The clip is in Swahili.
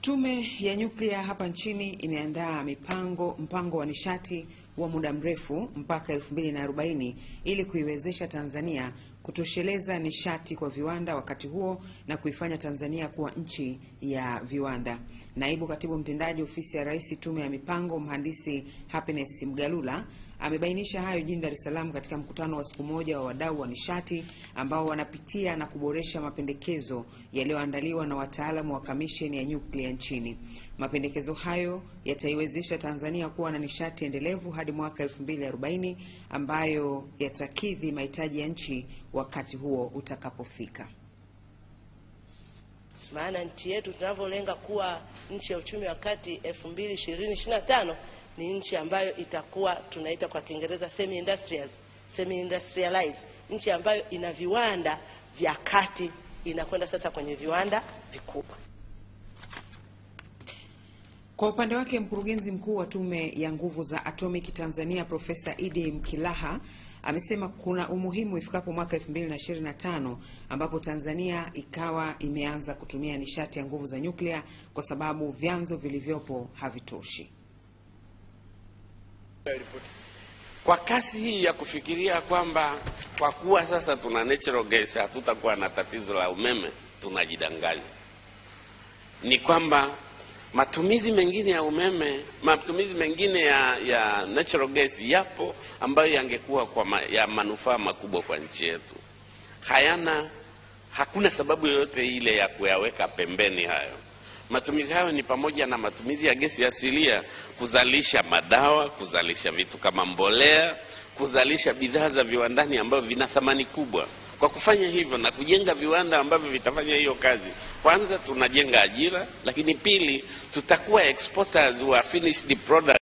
Tume ya Nyuklia hapa nchini imeandaa mipango mpango wa nishati wa muda mrefu mpaka 2040 ili kuiwezesha Tanzania kutosheleza nishati kwa viwanda wakati huo na kuifanya Tanzania kuwa nchi ya viwanda. Naibu katibu mtendaji ofisi ya Rais Tume ya Mipango, Mhandisi Happiness Mgalula amebainisha hayo jijini Dar es Salaam katika mkutano wa siku moja wa wadau wa nishati ambao wanapitia na kuboresha mapendekezo yaliyoandaliwa na wataalamu wa kamisheni ya nyuklia nchini. Mapendekezo hayo yataiwezesha Tanzania kuwa na nishati endelevu hadi mwaka 2040 ambayo yatakidhi mahitaji ya nchi wakati huo utakapofika. Maana nchi yetu tunavyolenga kuwa nchi ya uchumi wa kati 2025 ni nchi ambayo itakuwa tunaita kwa Kiingereza semi industrials, semi industrialized, nchi ambayo ina viwanda vya kati inakwenda sasa kwenye viwanda vikubwa. Kwa upande wake mkurugenzi mkuu wa Tume ya Nguvu za Atomiki Tanzania Profesa Idi Mkilaha amesema kuna umuhimu ifikapo mwaka 2025 ambapo Tanzania ikawa imeanza kutumia nishati ya nguvu za nyuklia kwa sababu vyanzo vilivyopo havitoshi. Kwa kasi hii ya kufikiria kwamba kwa kuwa sasa tuna natural gas hatutakuwa na tatizo la umeme, tunajidanganya. Ni kwamba Matumizi mengine ya umeme, matumizi mengine ya, ya natural gas yapo ambayo yangekuwa kwa ma, ya manufaa makubwa kwa nchi yetu. Hayana, hakuna sababu yoyote ile ya kuyaweka pembeni hayo. Matumizi hayo ni pamoja na matumizi ya gesi asilia kuzalisha madawa, kuzalisha vitu kama mbolea, kuzalisha bidhaa za viwandani ambavyo vina thamani kubwa. Kwa kufanya hivyo na kujenga viwanda ambavyo vitafanya hiyo kazi, kwanza tunajenga ajira, lakini pili tutakuwa exporters wa finished product.